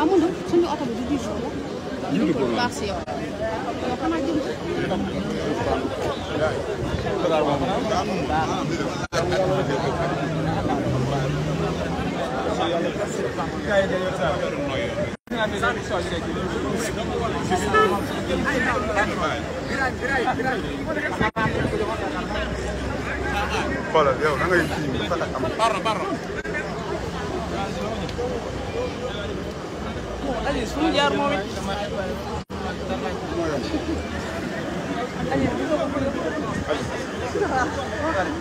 waaw mu Aliou fu mu jaar moom it.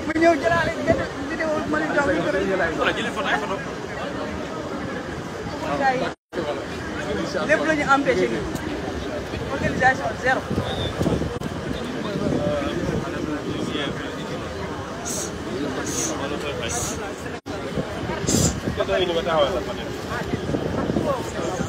mu ñëw jëlaale benn vidéo ma leen jox ñu ko def. lépp la ñu empêché nii organisation zéro. Thank you.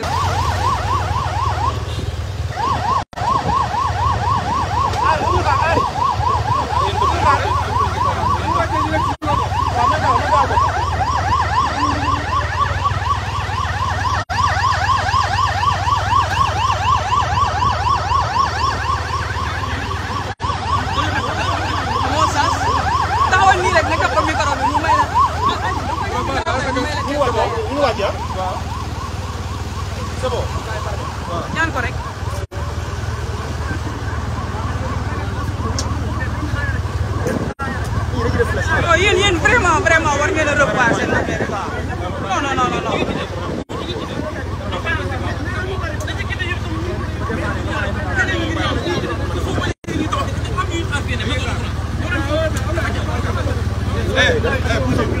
c'est bon ñaan ko rek. non yéen yéen vraiment vraiment war ngeen a revoir seen affaire non non non non. Hey, eh, eh, hey,